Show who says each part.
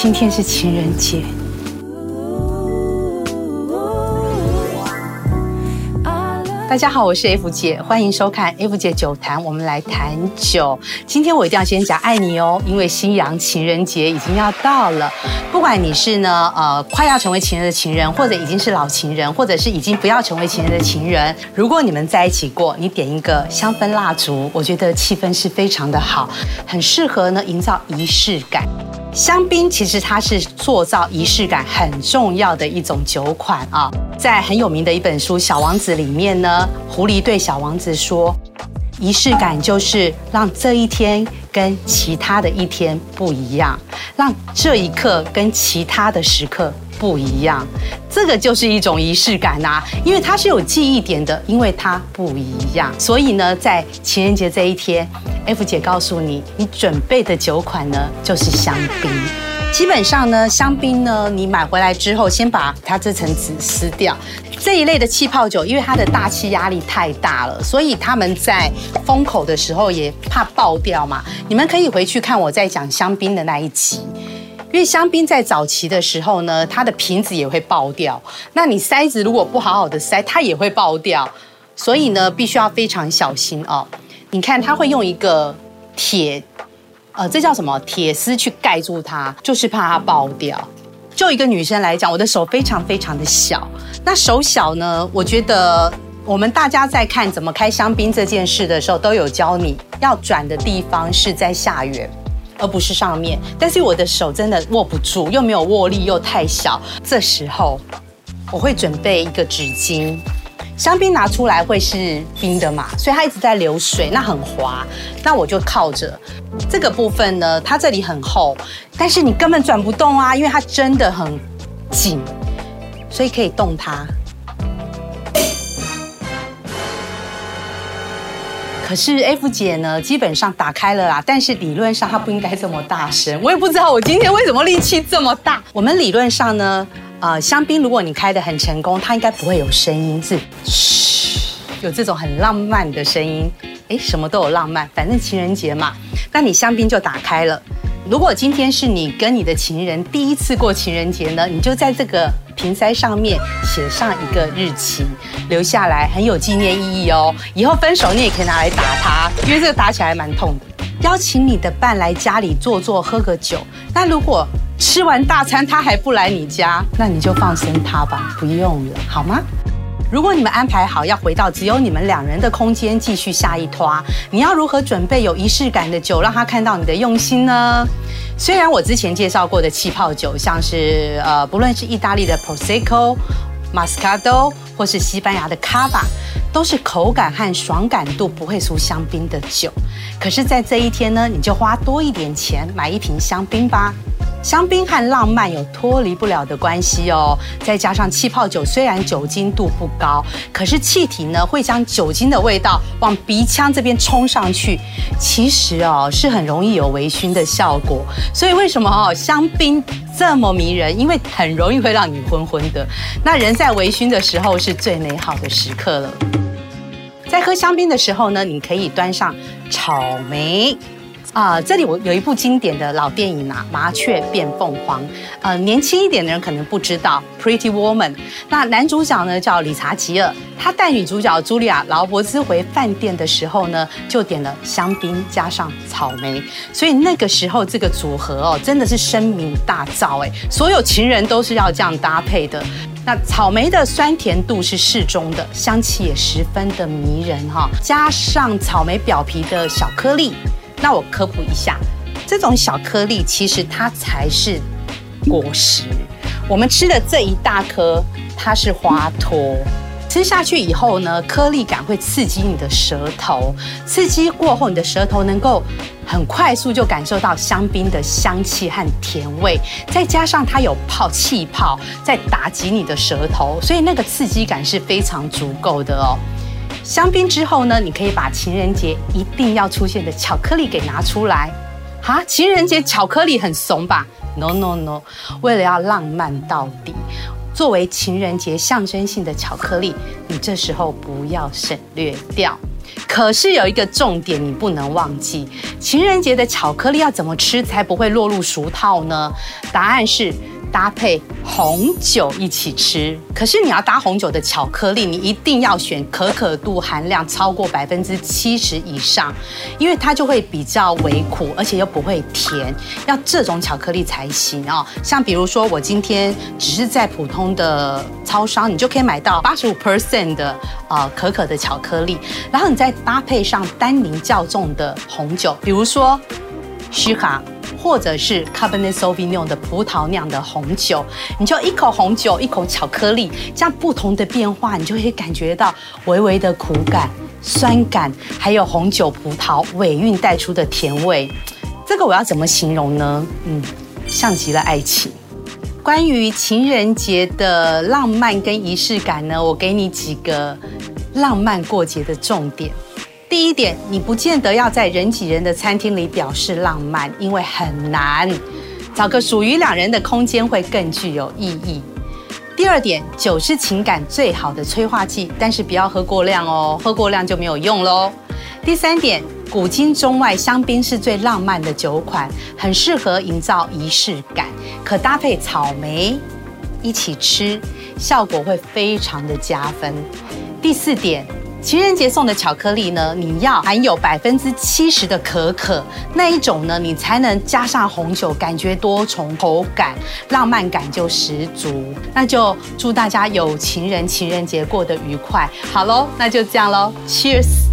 Speaker 1: 今天是情人節，大家好，我是 F 姐，歡迎收看 F 姐酒談，我們來談酒。今天我一定要先講愛你哦，因為西洋情人節已經要到了。不管你是呢，呃，快要成為情人的情人，或者已經是老情人，或者是已經不要成為情人的情人，如果你們在一起過，你點一個香氛蠟燭，我覺得氣氛是非常的好，很適合呢，營造儀式感。香檳其實它是製造儀式感很重要的一種酒款啊，在很有名的一本書《小王子》裡面呢，狐狸對小王子說：“儀式感就是讓這一天跟其他的一天不一樣，讓這一刻跟其他的時刻。”不一樣，這個就是一種儀式感吶，因為它是有記憶點的，因為它不一樣。所以呢，在情人節這一天，F 姐告訴你，你準備的酒款呢就是香檳。基本上呢，香檳呢，你買回來之後，先把它這層紙撕掉。這一類的氣泡酒，因為它的大氣壓力太大了，所以他們在封口的時候也怕爆掉嘛。你們可以回去看我在講香檳的那一集。因為香檳在早期的時候呢，它的瓶子也會爆掉。那你塞子如果不好好的塞，它也會爆掉。所以呢，必須要非常小心哦。你看，它會用一個鐵，呃，這叫什麼？鐵絲去蓋住它，就是怕它爆掉。就一個女生來講，我的手非常非常的小。那手小呢，我覺得我們大家在看怎麼開香檳這件事的時候，都有教你要轉的地方是在下緣。而不是上面，但是我的手真的握不住，又沒有握力，又太小。這時候，我會準備一個紙巾。香檳拿出來會是冰的嘛，所以它一直在流水，那很滑，那我就靠着這個部分呢，它這裡很厚，但是你根本轉不動啊，因為它真的很緊，所以可以動它。可是 F 姐呢，基本上打開了啦，但是理論上她不應該這麼大聲。我也不知道我今天為什麼力氣這麼大。我們理論上呢，呃，香檳如果你開得很成功，它應該不會有聲音，是噓，有這種很浪漫的聲音。哎，什麼都有浪漫，反正情人節嘛，那你香檳就打開了。如果今天是你跟你的情人第一次過情人節呢，你就在這個瓶塞上面寫上一個日期，留下來很有紀念意義哦。以後分手你也可以拿來打他，因為這個打起來還蠻痛的。邀請你的伴來家裡坐坐，喝個酒。那如果吃完大餐他還不來你家，那你就放生他吧，不用了，好嗎？如果你們安排好要回到只有你們兩人的空間繼續下一趴，你要如何準備有儀式感的酒，讓他看到你的用心呢？雖然我之前介紹過的氣泡酒，像是呃不論是意大利的 Prosecco、Moscato 或是西班牙的 Cava，都是口感和爽感度不會輸香檳的酒，可是，在這一天呢，你就花多一點錢買一瓶香檳吧。香檳和浪漫有脫離不了的關係哦。再加上氣泡酒雖然酒精度不高，可是氣體呢會將酒精的味道往鼻腔這邊衝上去，其實哦是很容易有微醺的效果。所以為什麼哦香檳這麼迷人？因為很容易會讓你昏昏的。那人在微醺的時候是最美好的時刻了。在喝香檳的時候呢，你可以端上草莓。啊、呃，這裡我有一部經典的老電影啊，《麻雀變鳳凰》。呃，年輕一點的人可能不知道 Pretty Woman。那男主角呢叫李察吉爾，他帶女主角茱莉亞勞勃茲回飯店的時候呢，就點了香檳加上草莓。所以那個時候這個組合哦，真的是聲名大噪哎，所有情人都是要這樣搭配的。那草莓的酸甜度是適中的，香氣也十分的迷人哈、哦。加上草莓表皮的小顆粒。那我科普一下，這種小顆粒其實它才是果實，我們吃的這一大顆它是花托。吃下去以後呢，顆粒感會刺激你的舌頭，刺激過後你的舌頭能夠很快速就感受到香檳的香氣和甜味，再加上它有泡氣泡在打擊你的舌頭，所以那個刺激感是非常足夠的哦。香檳之後呢？你可以把情人節一定要出現的巧克力給拿出來。啊，情人節巧克力很慫吧？No, no, no，為了要浪漫到底，作為情人節象徵性的巧克力，你這時候不要省略掉。可是有一個重點，你不能忘記，情人節的巧克力要怎麼吃才不會落入俗套呢？答案是。搭配紅酒一起吃，可是你要搭紅酒的巧克力，你一定要選可可度含量超過百分之七十以上，因為它就會比較微苦，而且又不會甜，要這種巧克力才行哦。像比如說，我今天只是在普通的超商，你就可以買到八十五 percent 的啊、呃、可可的巧克力，然後你再搭配上單寧較重的紅酒，比如說西哈。或者是 Cabernet Sauvignon 的葡萄釀的紅酒，你就一口紅酒，一口巧克力，這樣不同的變化，你就會感覺到微微的苦感、酸感，還有紅酒葡萄尾韻帶出的甜味。這個我要怎麼形容呢？嗯，像極了愛情。關於情人節的浪漫跟儀式感呢，我給你幾個浪漫過節的重點。第一點，你不見得要在人擠人的餐廳裡表示浪漫，因為很難，找個屬於兩人的空間會更具有意義。第二點，酒是情感最好的催化劑，但是不要喝過量哦，喝過量就沒有用嘍。第三點，古今中外，香檳是最浪漫的酒款，很適合營造儀式感，可搭配草莓一起吃，效果會非常的加分。第四點。情人節送的巧克力呢，你要含有百分之七十的可可，那一種呢，你才能加上紅酒，感覺多重口感，浪漫感就十足。那就祝大家有情人情人節過得愉快。好嘍，那就這樣嘍，Cheers。